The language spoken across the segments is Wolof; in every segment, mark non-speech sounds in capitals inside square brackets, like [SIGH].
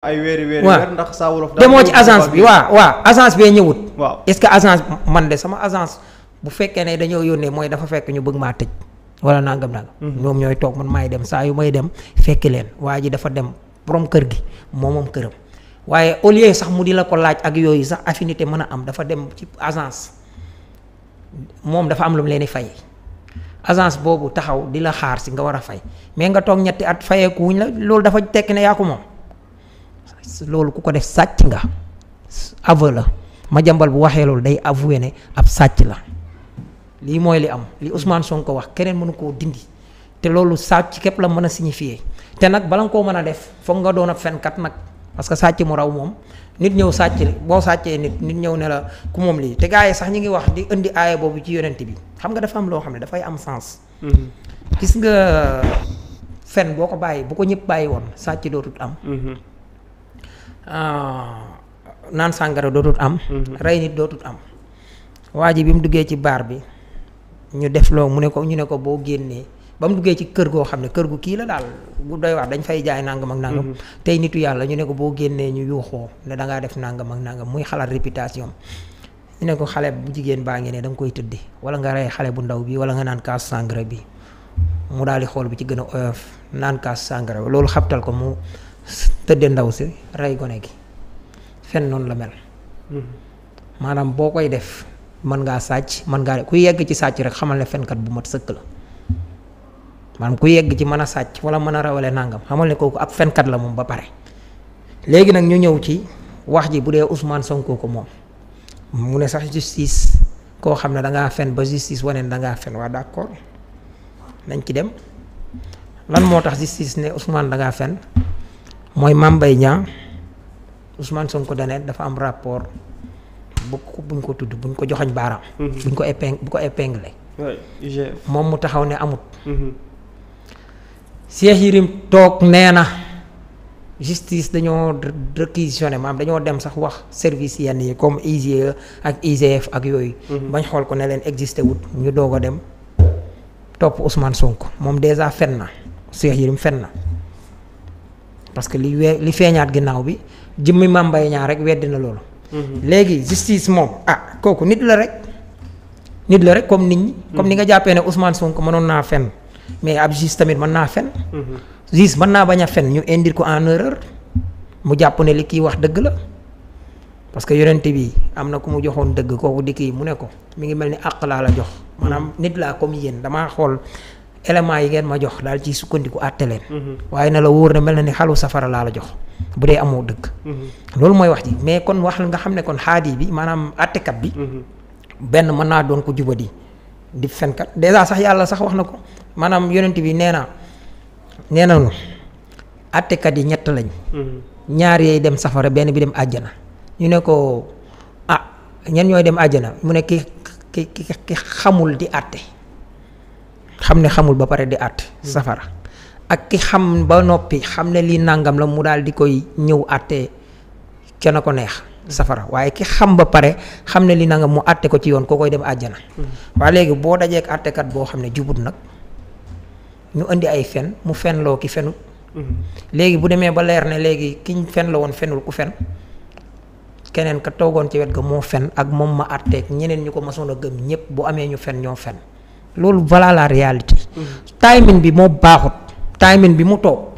ay weer ndax Saa Wolof demoo ci agence bi waa waa agence bee ñëwut. waaw est-ce que agence man de sama agence bu fekkee ne dañoo yónnee mooy dafa fekk ñu bëgg maa tëj wala nangam nag. Mhm. ñoom ñooy toog man maay dem saa yu may dem fekki leen waa ji dafa dem borom kër gi moomam këram waaye au lieu sax mu di la ko laaj ak yooyu sax affinité mën a am dafa dem ci agence moom dafa am lu mu leen di fay. agence boobu taxaw di la xaar si nga war a fay mais nga toog ñetti at fayeeku wuñ la loolu dafa tekki ne yaa ko loolu ku ko def sàcc nga aveu la ma jambal bu waxee loolu day avoué ne ab sàcc la lii mooy li am li Ousmane ko wax keneen mënu koo dindi te loolu sàcc képp la mën a signifié te nag bala nga koo mën a def foog nga doon ab fenkat nag parce que sàcc mu raw moom nit ñëw sàcc boo sàccee nit nit ñëw ne la ku moom lii te gars yi sax ñu ngi wax di indi aaya boobu ci yonent bi xam nga dafa am loo xam ne dafay am sens. Mm-hmm. gis nga fen boo ko bàyyi bu ko ñëpp bàyyi woon sàcc dootut Euh, naan sàngara dootut am. Mm-hmm. rey nit dootut am. waa ji bi mu duggee ci baar bi ñu def loo mu ne ko ñu ne ko boo génnee ba mu duggee ci kër goo xam ne kër gu kii la daal gu doy wax dañ fay jaay nangam ak nangam. Mm-hmm. tey nitu yàlla ñu ne ko boo génnee ñu yuuxoo ne da ngaa def nangam ak nangam muy xalaat réputation ñu ne ko xale bu jigéen baa ngi ne da koy tëddi wala nga rey xale bu ndaw bi wala nga naan kaas sàngara bi mu daal di xool bi ci gën a oyof naan kaas loolu xabtal ko mu. tëdde ndaw si rey gone gi fen noonu la mel hmm. maanaam boo koy def mën ngaa sàcc mën ngaa ku yegg ci sàcc rek xamal ne fenkat bu mat sëkk la maanaam ku yegg ci mën a sàcc wala mën a rawale nangam xamal ne kooku ab fenkat la moom ba pare léegi nag ñu ñëw ci wax ji bu dee Ousmane Sonko ko moom mu ne sax justice koo xam ne dangaa fen ba justice waneen dangaa fen waa d'accord nañ ci dem lan moo tax justice ne Ousmane dangaa fen mooy Mame Mbaye Niang Ousmane Sonko daneen dafa am rapport bu buñ ko tudd buñ ko joxoñ baaraam. Mhm. buñ ko éping bu ko épinglé. moom mu taxaw ne amut. Mhm. Cheikh Yérim toog nee na justice dañoo réquisitionné maam dañoo dem sax wax service yenn yi comme IGE ak IGF ak yooyu. Mhm. bañ xool ko ne leen existé wut ñu doog a dem topp Ousmane Sonko moom dèjà fen na Cheikh Yérim fen na. parce que li wee li feeñaat ginnaaw bi jëmmi Mame ñaar rek weddi na loolu. Mhm. léegi justice moom ah kooku nit la rek. nit la rek comme nit ñi. comme ni nga jàppee ne Ousmane Sonko mënoon naa fen mais ab juge tamit mën naa fen. Mhm. juge mën naa bañ a fen ñu indir ko en erreur mu jàpp ne li kiy wax dëgg la parce que yonent bi am na ku mu joxoon dëgg kooku di kii mu ne ko mi ngi mel ni àq laa la jox. maanaam nit laa comme yéen damaa xool éléments yi ngeen ma jox daal ci sukkandiku àtte mhm. waaye na la wóor na mel na ni xalu safara laa la jox bu dee amoo dëkk mhm. loolu mooy wax ji mais kon wax nga xam ne kon xaadi bi maanaam àttekat bi. Mhm. benn mën naa doon ko jubadi di fenkat dèjà sax yàlla sax wax na ko maanaam yonent bi nee naa nee nañu àttekat yi ñett lañ. ñaar yay dem safara benn bi dem àjjana ñu ne ko ah ñen ñooy dem àjjana mu ne ki ki ki xamul di àtte. xam ne xamul ba pare di àtt safara ak ki xam ba noppi xam ne lii nangam la mu daal di koy ñëw àttee kenn na ko neex safara waaye ki xam ba pare xam ne lii nangam mu àtte ko ci yoon koo koy dem àjjana waaye léegi boo dajeek àttekat boo xam ne jubut nag ñu indi ay fen mu fenloo ki fenut léegi bu demee ba leer ne léegi kiñ fen la woon fenul ku fen keneen ka toogoon ci wet ga moo fen ak moom ma àtteek ñeneen ñu ko masoon a gëm ñëpp bu amee ñu fen ñoo fen loolu voilà la réalité. timing bi moo baaxut. timing bi mu toog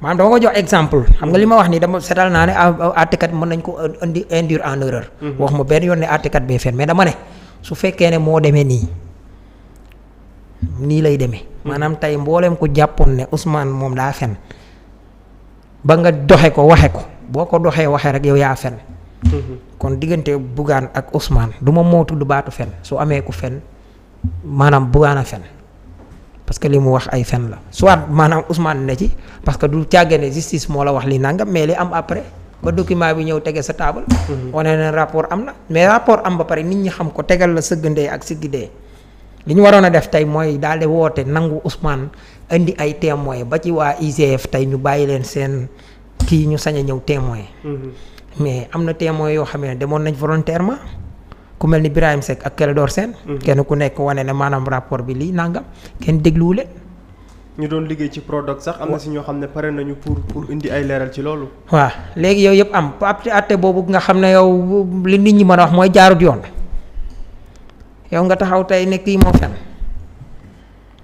maanaam dama ko jox exemple xam nga li ma wax nii dama seetal naa ne àttekat mën nañ ko indi induire en erreur. Mhm. wax ma benn yoon ne àttekat bee fen mais dama ne su fekkee ne moo demee nii nii lay demee. Mhm. maanaam tey mbooleem ku jàppoon ne usmaan moom daa fen ba nga doxe ko waxe ko boo ko doxee waxee rek yow yaa fen mhm. kon diggante Bougane ak Ousmane du ma moo tudd baatu fen su amee ku fen. maanaam bugaana fen parce que li mu wax ay fen la soit maanaam Ousmane na ci parce que du càggane justice moo la wax li nangam mais li am après ba document bi ñëw tege sa table. Mhm. wane ne rapport am na mais rapport am ba pare nit ñi xam ko tegal la sëggandee ak siggidee li ñu waroon a def tey mooy daal di woote nangu usmaan indi ay témoin ba ci waa IGF tey ñu bàyyi leen seen kii ñu sañ a ñëw témoin mhm. mais am na témoin yoo xam ne demoon nañ volontairement. ku mel ni Birahim Seck ak Clédor seen mhm. kenn ku nekk wane ne maanaam rapport bi lii nangam kenn dégluwu leen ñu doon liggéey ci product sax am na si ñoo xam ne pare nañu pour pour indi ay leeral ci loolu. waaw léegi yow yëpp am ab àtte boobu nga xam ne yow li nit ñi mën a wax mooy jaarut yoon yow nga taxaw tey nekk kii moo fen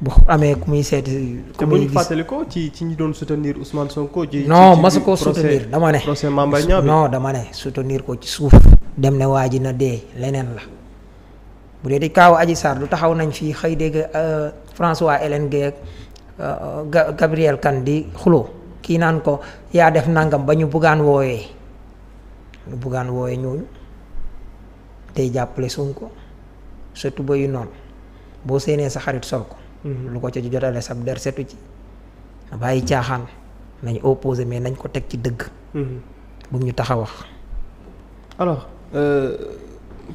bu amee ku muy seeti. ku muy gis te bu ñu doon soutenir Ousmane Sonko. ci non masu ko soutenir dama ne. procès Mame Mbaye dama ne soutenir ko ci suuf. dem ne waa ji na dee leneen la bu dee di kaaw aji Sarr du taxaw nañ fii xëy dégg euh, François Hélène Guèye ak euh, Gabriel Kane di xuloo kii naan ko yaa def nangam ba ñu buggaan woowee ñu buggaan wooyee ñooñu tey jàppale Sonko surtout ba yu noonu boo séenee sa xarit sol ko. Mm-hmm. lu ko ca jotale sab der setu ci bàyyi caaxaan nañ opposé mais nañ ko teg ci dëgg mm-hmm. bu ñu tax a wax alors euh,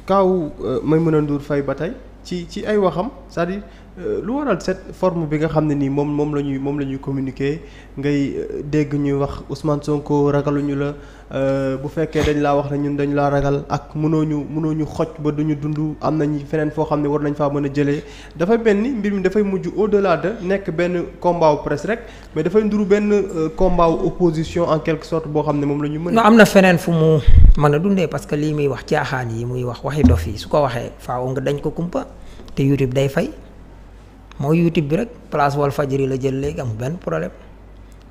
kaaw euh, Maimouna Ndour Faye ba tey ci ci ay waxam cest à euh, lu waral set form bi nga xam ne nii moom moom la ñuy moom la communiquer ngay euh, dégg ñuy wax Ousmane Sonko ragaluñu la euh, bu fekkee dañ laa wax ne ñun dañu laa ragal ak mënoo ñu mënoo ñu xoj ba duñu dund am nañu feneen foo xam ne war nañ faa mën a jëlee dafay benn mbir mi dafay mujj au-delà de nekk benn combat wu presse mais dafay nduru benn combat wu opposition en quelque sorte boo xam ne moom la ñu mën. am na feneen fu mu mën a dundee parce que lii muy wax caaxaan yi muy wax waxi dof yi su ko waxee faaw nga dañ ko kumpa te YouTube day fay. fay mooy youtube bi rek place Walfadjri la jël léegi amul benn problème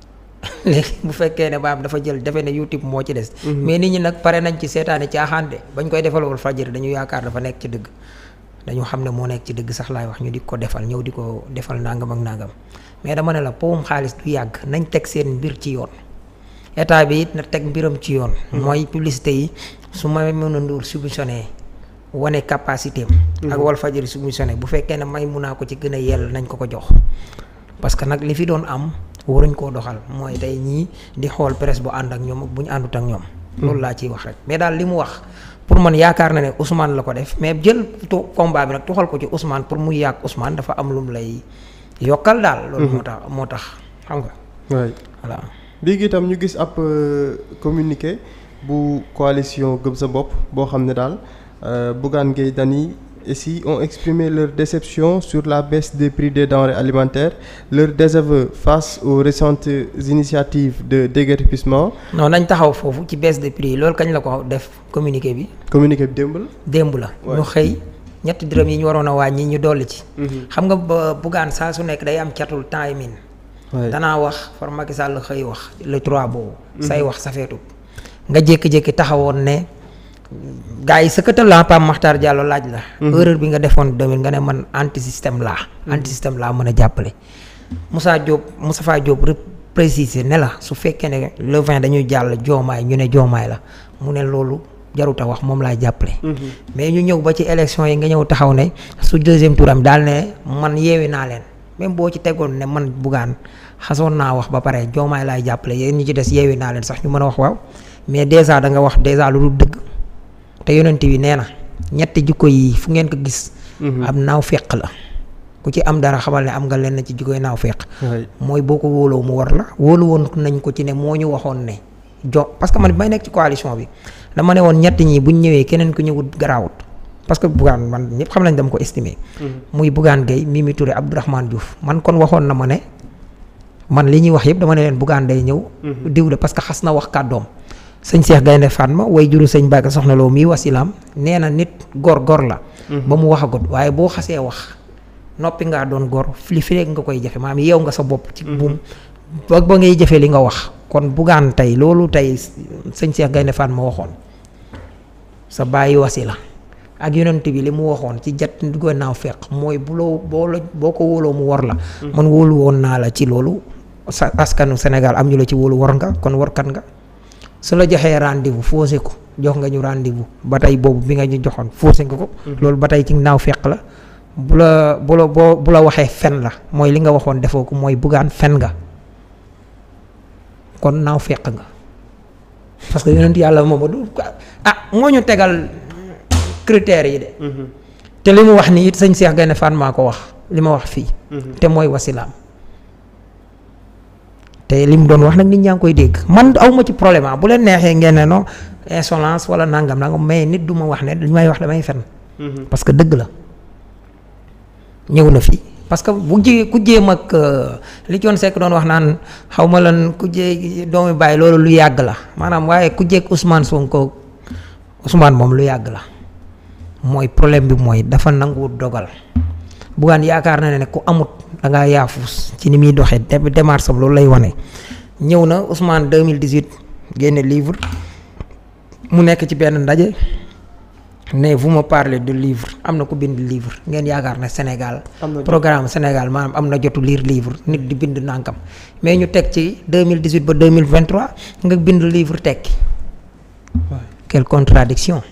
[LAUGHS] léegi bu fekkee ne maam dafa jël defe ne youtube moo ci des. Mhm. mais nit ñi nag pare nañ ci seetaane caaxaan de bañ koy defal Walfadjri dañu yaakaar dafa nekk ci dëgg dañu xam ne moo nekk ci dëgg sax laay wax ñu di ko defal ñëw di ko defal nangam ak nangam mais dama ne la powum xaalis du yàgg nañ teg seen mbir ci yoon. état bi it na teg mbiram ci yoon. Mhm. mooy publicité yi su ma mënoon a subventionné wane capacité am. Mhm. ak Walfadjri su muy sone bu fekkee ne may mun naa ko ci gën a yell nañ ko ko jox. parce que nag li fi doon am waruñ koo doxal mooy day ñii di xool presse bu ànd ak ñoom ak bu ñu àndut ak ñoom. Mhm. loolu laa ciy wax rek mais daal li mu wax pour man yaakaar na ne Ousmane la ko def mais jël combat bi nag tuxal ko ci Ousmane pour muy yàgg usmaan dafa am lu lay yokkal daal. Mhm. loolu moo tax moo tax xam nga. waay voilà. léegi itam ñu gis ab euh, communiqué bu coalition sa bopp boo xam ne daal. euh, Bougane Gueye Dany ici ont exprimé leur déception sur la baisse des prix des denrées alimentaires leur désaveu face aux récentes initiative de déguerpissement. non nañ taxaw foofu ci baisse des prix yi loolu kañ la ko def communiqué bi. communiqué bi démb la. démb la ñu xëy ñetti dërëm yi ñu waroon a wàññi ñu dolli ci. Mhm. xam nga ba Bougane saa su nekk day am catul timing. danaa wax far Macky Sall xëy wax le trois boobu. Mhm. say wax sa safeetu nga jékki-jékki taxawoon ne. gars yi sëkkatal la Pape Makhtar Diallo laaj la. Mhm. erreur bi nga defoon 2000 nga ne man anti système laa. Mhm. anti système laa mën a jàppale. Moussa Diop Moustapha Diop rek préciser ne la su fekkee ne le vin dañuy jàll joomaay ñu ne joomaay la mu ne loolu jarut a wax moom laay jàppale. Mhm. mais ñu ñëw ba ci élection yi nga ñëw taxaw ne su deuxième tour am daal ne man yeewi naa leen même boo ci tegoon ne man bugaan xasoon naa wax ba pare joomaay laay jàppale yéen ñu ci des yeewi naa leen sax ñu mën a wax waaw mais dèjà da nga wax dèjà lu dul te yonent bi nee na ñetti jikko yi fu ngeen ko gis. Mhm. am naaw feq la. ku ci am dara xamal ne am nga lenn ci jikkoy naaw feq. mooy boo ko wóoloo mu war la wóolu woon nañ ko ci ne moo ñu waxoon ne. jo parce que man may nekk ci coalition bi dama ne woon ñett ñi buñ ñëwee keneen ku ñëwut garaawut parce que Bougane man ñëpp xam nañ dama ko estimé. Mhm. muy Bougane Gueye Mimi Touré Abdourahmane Diouf man kon waxoon na ma ne man li ñuy wax yëpp dama ne leen buggaan day ñëw. Mhm. diw de parce que xas na wax kàddoom. sëñ Cheikh Gaynde ma way juru sëñ Mbacke soxna loo mii wasilaam nee na nit gor gor la. Mhm. ba mu wax waxagut waaye boo xasee wax noppi ngaa doon gor li nga koy jafe maam yeew nga sa bopp. ci mhm. buum ba ba ngay jëfee li nga wax. kon bugaan tey loolu tey sëñ Cheikh Gaynde Fatma waxoon sa bàyyi wasila ak yonent bi li mu waxoon ci jat gannaaw feq mooy bu loo boo la boo ko wóoloo mu war la. Mhm. man wóolu woon naa la ci loolu sa askanu senegal am ñu la ci wóolu war nga kon warkat nga. su la joxee rendez-vous faussé ko jox nga ñu rendez-vous ba tey boobu bi nga ñu joxoon faussé nga ko. Mhm. loolu ba tey ci naaw feq la bu la bu la boo bu la waxee fen la mooy li nga waxoon defoo ko mooy buggaan fen nga kon naaw feq nga parce que yonent yàlla moom du ah moo ñu tegal critères yi de. Mhm. te li mu wax nii it sëñ Cheikh Gaïndé Fatma maa ko wax li ma wax fii. Mhm. te mooy wasilaam. te lim doon wax nag nit ñaa ngi koy dégg man aw ma ci problème bu leen neexee ngeen ne non insolence wala nangam nag mais nit du ma wax ne li may wax damay fen mhm. parce que dëgg la ñëw na fii parce que bu ji ku jéem ak euh, li Thione sekk doon wax naan xawma ma lan ku jee doomi bàyyi loolu lu yàgg la maanaam waaye ku jeeg Ousmane Sonko Ousmane moom lu yàgg la mooy problème bi mooy dafa nangu dogal Bougane yaakaar na ne ku amut da ngaa ci ni muy doxee démarche am loolu lay wane. ñëw na mille Ousmane 2018 génne livre mu nekk ci benn ndaje ne vous me parlez de livre am na ku bind livre ngeen yaakaar ne Sénégal. programme Sénégal maanaam am na jotu liir livre nit di bind nànkam mais ñu teg ci 2018 ba 2023 nga bind livre tekki. quelle contradiction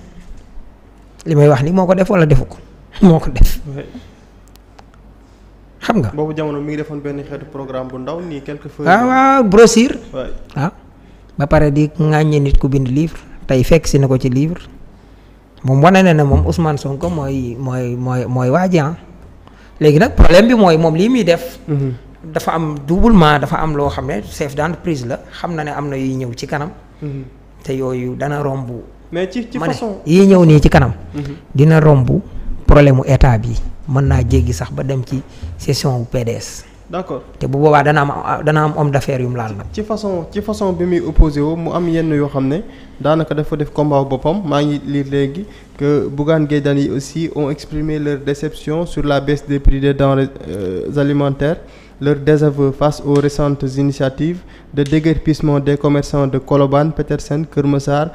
li may wax ni moo ko def wala defu ko [LAUGHS] moo ko def. xam nga. boobu jamono mi ngi defoon benn xeetu programme bu ndaw nii quelque feuille. Ah, ah ba pare di ŋàññe nit ku bind livre tey fekk si na ko ci livre moom wane na ne moom Ousmane Sonko mooy mooy mooy mooy waaji ah. léegi nag problème bi mooy moom lii muy def. Mhm. dafa am doublement dafa am loo xam ne chef d'entreprise la xam na ne am na yuy ñëw ci kanam. Mhm. te yooyu dana romb. mais ci ci façon ñëw nii ci kanam. Mhm. dina romb problème mu état bi. mën naa jéggi sax ba dem ci session wu PDS. d'accord te bu boobaa dana am dana am om d'affaires yu mu laal nag. ci façon ci façon bi muy opposé wu mu am yenn yoo xam ne daanaka dafa def combat boppam maa ngi lire léegi que Bougane Gueye Dany yi aussi ont exprimé leur déception sur la baisse des prix des denrées euh, alimentaires leur désaveu face aux récentes initiatives de déguerpissement des commerçants de Colobane Petersen Kër Massar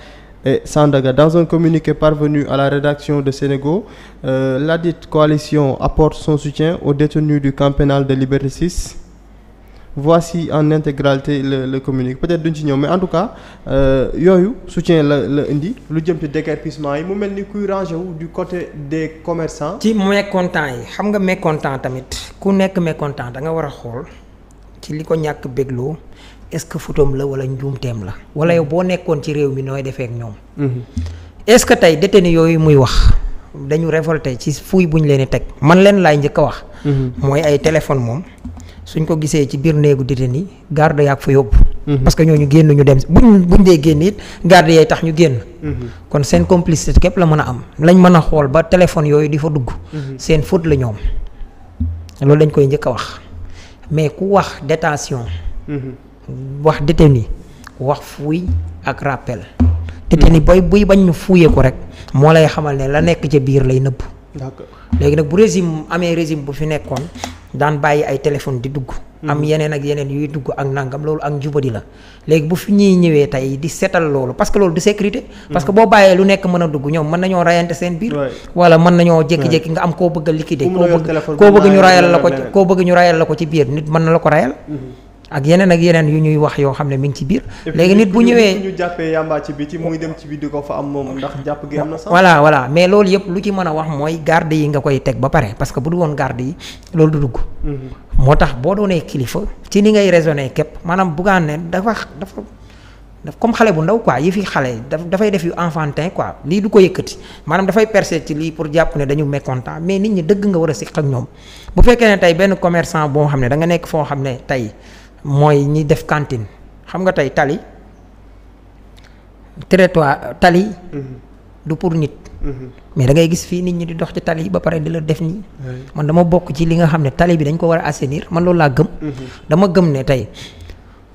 et Sandaga dans un communiqué parvenu à la rédaction de Sénégo euh, la dite coalition apporte son soutien au détenus du camp pénal de Liberté 6 voici en intégralité le le communiqué peut-être duñ ci ñëw mais en tout cas euh, yooyu soutien la la indi lu jëm ci déguerpissement yi mu mel ni kuy rangé wu du côté des commerçants. ci mécontent yi xam nga mécontent tamit ku nekk mécontent da nga war a xool ci li ko ñàkk bégloo est-ce que futam la wala njuumteem la wala yow boo nekkoon ci réew mi nooy defeek ñoom mhm. est-ce que tey détenu yooyu muy wax dañu révolté ci fuuy bu ñu leen teg man leen laay njëkk a wax mhm. mooy ay téléphone moom suñ ko gisee ci biir néegu détenu yi garde yaa fa yóbbu mhm. parce que ñooñu génn ñu dem bu buñ dee génn it garde yaay tax ñu génn kon seen complicité képp la mën a am lañ mën a xool ba téléphone yooyu di fa dugg seen faute la ñoom loolu dañ koy njëkk a wax wax détenu wax fuuy ak rappel. détenu boy buy bañ ñu fuuyee rek moo lay xamal ne la nekk ci biir lay nëbb. d'accord léegi nag bu régime amee régime bu fi nekkoon daan bàyyi ay téléphone di dugg. Hmm. am yeneen ak yeneen yuy dugg ak nangam loolu ak njubadi la léegi bu fi ñuy ñëwee tey di setal loolu parce que loolu du sécurité. Hmm. parce que boo bàyyee lu nekk mën a dugg ñoom mën nañoo rayante seen biir. wala mën nañoo jékki-jékki nga am koo bëgg a liquider. koo bëgg ñu rayal la ko koo bëgg ñu rayal la ko ci biir nit mën na ko rayal. Hmm. ak yeneen ak yeneen yu ñuy wax yoo xam ne mu ngi ci biir. léegi nit bu ñëwee ñu jàppee yàmbaa ci biti muy dem ci biti ko fa moom ndax jàpp gi am na mais loolu yëpp lu ci mën a wax mooy garde yi nga koy teg ba pare parce que bu du woon garde yi loolu du dugg. Mhm. moo tax boo doonee kilifa ci ni ngay raisonné képp maanaam bugaan ne dafa dafa daf comme xale bu ndaw quoi yi fi xale dafay def yu enfantin quoi lii du ko yëkkati maanaam dafay percer ci lii pour jàpp ne dañu mécontent mais nit ñi dëgg nga war a siq ak ñoom bu fekkee ne tey benn commerçant boo xam ne da nga nekk foo xam ne tey mooy ñi def cantine xam nga tey tali trottoir tali. Mm-hmm. du pour nit. Mm-hmm. mais dangay gis fii nit ñi di dox ci tali ba pare di la def nii. man dama bokk ci li nga xam ne tali bi dañ ko war a assainir man loolu laa gëm. Mm-hmm. dama gëm ne tey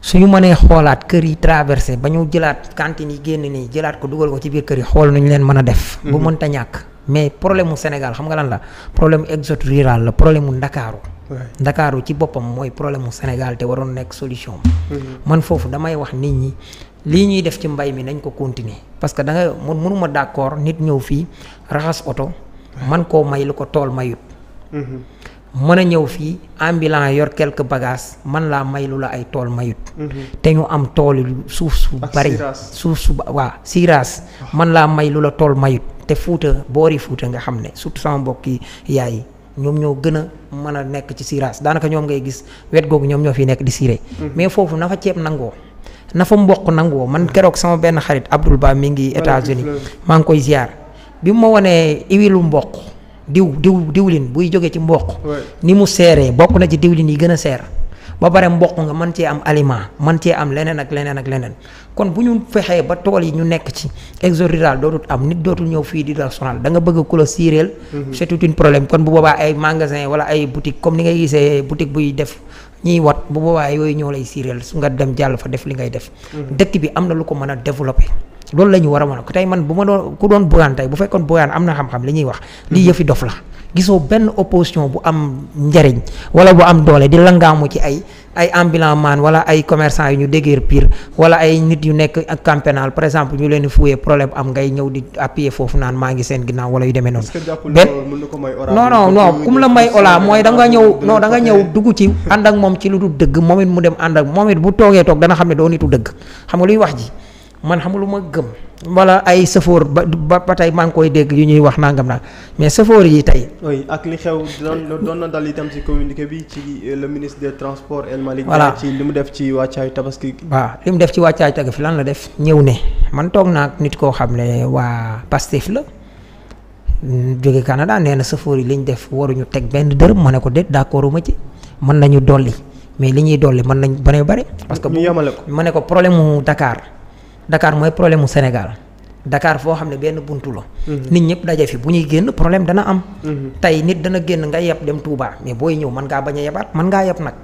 suñu mënee xoolaat kër yi traversé ba ñu jëlaat cantine yi génn nii jëlaat ko dugal ko ci biir kër yi xool nañu leen mën a def. bu mënta ñàkk mais problème mu Sénégal xam nga lan la problème mu rural la problème mu Ndakaaru. ndakaaru ci boppam mooy problème mu Sénégal te waroon nekk solution mm-hmm. man foofu damay wax nit ñi lii ñuy def ci mbay mi nañ ko continuer parce que da nga mun mënuma d'accord nit ñëw fii raxas oto man koo may lu ko tool mayut mm-hmm. mën a ñëw fii ambulant yor quelques bagages man laa may lu la ay tool mayut mm-hmm. te ñu am tool suuf su bari suuf su waa siiraas ah. man laa may lu la tool mayut te fuuta boori fuuta nga xam ne surtout sama mbokki yaay ñoom ñoo gën a mën a nekk ci siraas daanaka ñoom ngay gis wet googu ñoom ñoo fi nekk di siire mhm. mais foofu nafa ceeb nangoo nafa mboq nangoo man keroog sama benn xarit Abdoul Ba mi ngi États-Unis maa ngi koy ziar bi mu ma wanee iwilu mboq diw diw diwlin buy jóge ci mboq ni mu seeree bokk na ci diwlin yi gën a seer ba pare mboq nga man cee am aliment man cee am leneen ak leneen ak leneen kon bu ñu fexee ba tool yi ñu nekk ci exode rural am nit dootul ñëw fii di la sonal da nga bëgg ku la siireel c'est tout un problème kon bu boobaa ay magasin wala ay boutique comme ni ngay gisee boutique buy def ñiy wat bu boobaa yooyu ñëw lay siireel su nga dem jàll fa def li ngay def mhm. dëkk bi am na lu ko mën a développer loolu la ñu war a mën ko tey man bu ma doon ku doon Bougane tey bu fekkoon Bougane am na xam-xam li ñuy wax lii yëfi dof la gisoo benn opposition bu am njariñ wala bu am doole di langaamu ci ay ay ambulant maan wala ay commerçant yu ñu déggee pire wala ay nit yu nekk ak camp par exemple ñu leen di fuyee problème am ngay ñëw di appuyer foofu naan maa ngi seen ginnaaw wala yu demee noonu. benn non non non kum la may ola mooy danga nga ñëw non da ñëw dugg ci ànd ak moom ci lu dul dëgg moom mu dem ànd ak moom bu toogee toog dana xam ne doo nitu dëgg xam nga luy wax ji. man xam lu ma gëm. wala ay sëfoor ba ba tey maa ngi koy dégg yu ñuy wax nangam naa mais sëfoor yi tey. oui ak li xew doon doon na dal itam ci communiqué bi ci euh, le ministre des transports El li mu def ci wàccaayu tabaski. waaw li mu def ci wàccaayu tabaski lan la def. ñëw ne man toog naa nit koo xam ne waa Pastef la jóge Canada nee na sëfoor yi li ñu def waruñu teg benn dërëm ma ne ko de d'accord ci mën nañu dolli mais li ñuy dolli mën nañu ba ne bare. parce que bu ma ne ko problème mu Dakar. Dakar mooy problème mu Sénégal Dakar foo xam ne benn buntu la. Mhm. nit ñëpp daje fi bu ñuy génn problème dana am. Mhm. tey nit dana génn nga yeb dem Touba mais booy ñëw man ngaa bañ a yebaat mën ngaa yeb nag.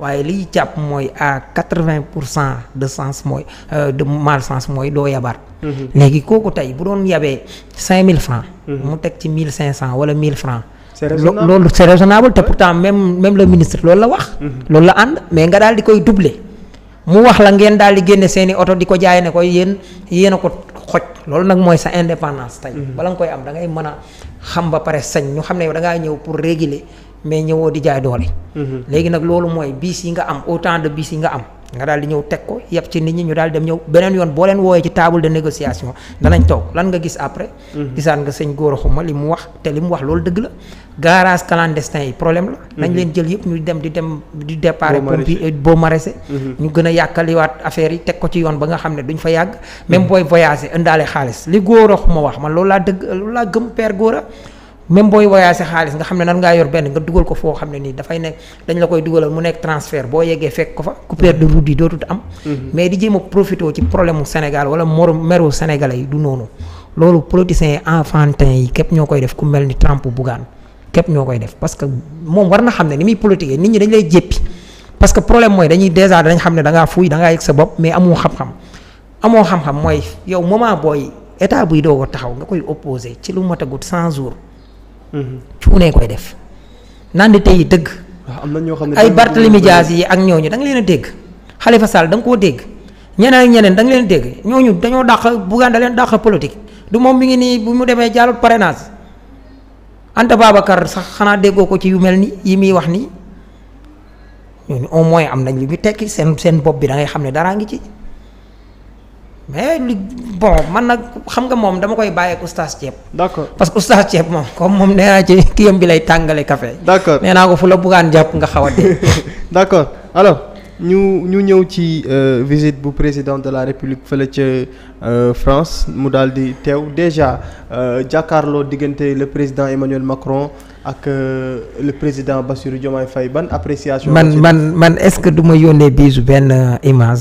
waaye liy jàpp mooy à quatre-vingt pour cent de sens mooy euh, de mal sens mooy doo yabaat. Mhm. léegi kooku tey bu doon yabee cinq mille francs mu teg ci mille cinq cent wala mille francs loolu c'est raisonnable te pourtant même même le ministre loolu la wax. loolu la ànd mais nga daal di koy doubler. mu wax la ngeen daal di génne seeni oto di ko jaay ne ko yéen yéen ko xoj loolu nag mooy sa indépendance tey mm-hmm. bala nga koy am da ngay mën a xam ba pare sañ ñu xam ne yow da ngaa ñëw pour réguler mais ñëwoo di jaay doole mm-hmm. léegi nag loolu mooy biis yi nga am autant de biis yi nga am nga daal di ñëw teg ko yeb ci nit ñi ñu daal dem ñëw beneen yoon boo leen wooyee ci table de négociation danañ toog lan nga gis après. Mm-hmm. gisaan nga sëñ góor xuma li mu wax te li mu wax loolu dëgg la. garage clandestin yi problème la. Mm-hmm. nañ leen jël yëpp ñu dem di dem di départ. boo maraîcher mm-hmm. ñu gën a yàkkaliwaat affaire yi teg ko ci yoon ba nga xam ne duñ fa yàgg. même booy voyager indaale xaalis li góor xuma wax man loolu laa dëgg loolu laa gëm père góor même booy voyagé xaalis nga xam ne nan ngaa yor benn nga dugal ko foo xam ne nii dafay nekk dañ la koy dugalal mu nekk transfert boo yeggee fekk ko fa coupure de route yi dootut am. Mhm. mais di jéem a profité ci problème mu Sénégal wala morom meru Sénégalais du noonu loolu politiciens yi enfantin yi ñoo koy def ku mel ni Trump Bougane képp ñoo koy def parce que moom war na xam ne ni muy politiquer nit ñi dañ lay jéppi parce que problème mooy dañuy dèjà dañ xam ne da ngaa fuuy da ngaa yëg sa bopp mais amoo xam-xam amoo xam-xam mooy yow moment booy état buy doog taxaw nga koy opposé ci lu matagut a gudd jours. ne koy def naan tey dëgg. Ah, am na ñoo xam ne ay Barthélemy Dias yi ak ñooñu da nga leen dégg. Khalifa Sall da nga koo dégg ñeneen ak ñeneen da leen dégg ñooñu dañoo dàq Bougane da leen dàq politique du moom mi ngi nii bu mu demee jàllul parrainage Anta Babacar sax xanaa déggoo ko ci yu mel ni yi muy wax nii ñooñu au moins am nañ lu ñu tekki seen seen bopp bi da ngay xam ne daraa ngi ci. mais li bon man nag xam nga moom dama koy bàyyi ak oustaz ceeb. d'accord parce que oustaz ceeb moom comme moom nee ci ci kiyam bi lay tàngale kafe d'accord nee naa ko fu la buggaan jàpp nga xaw a dee. [LAUGHS] d'accord alors ñu ñu ñëw ci euh, visite bu président de la république fële ca euh, France mu daal di teew déjà euh, jàkkaarloo diggante le président Emmanuel Macron. ak le président Bassirou Diomaye fay ban appréciation. man man man est-ce que du ma yónnee bisu benn image.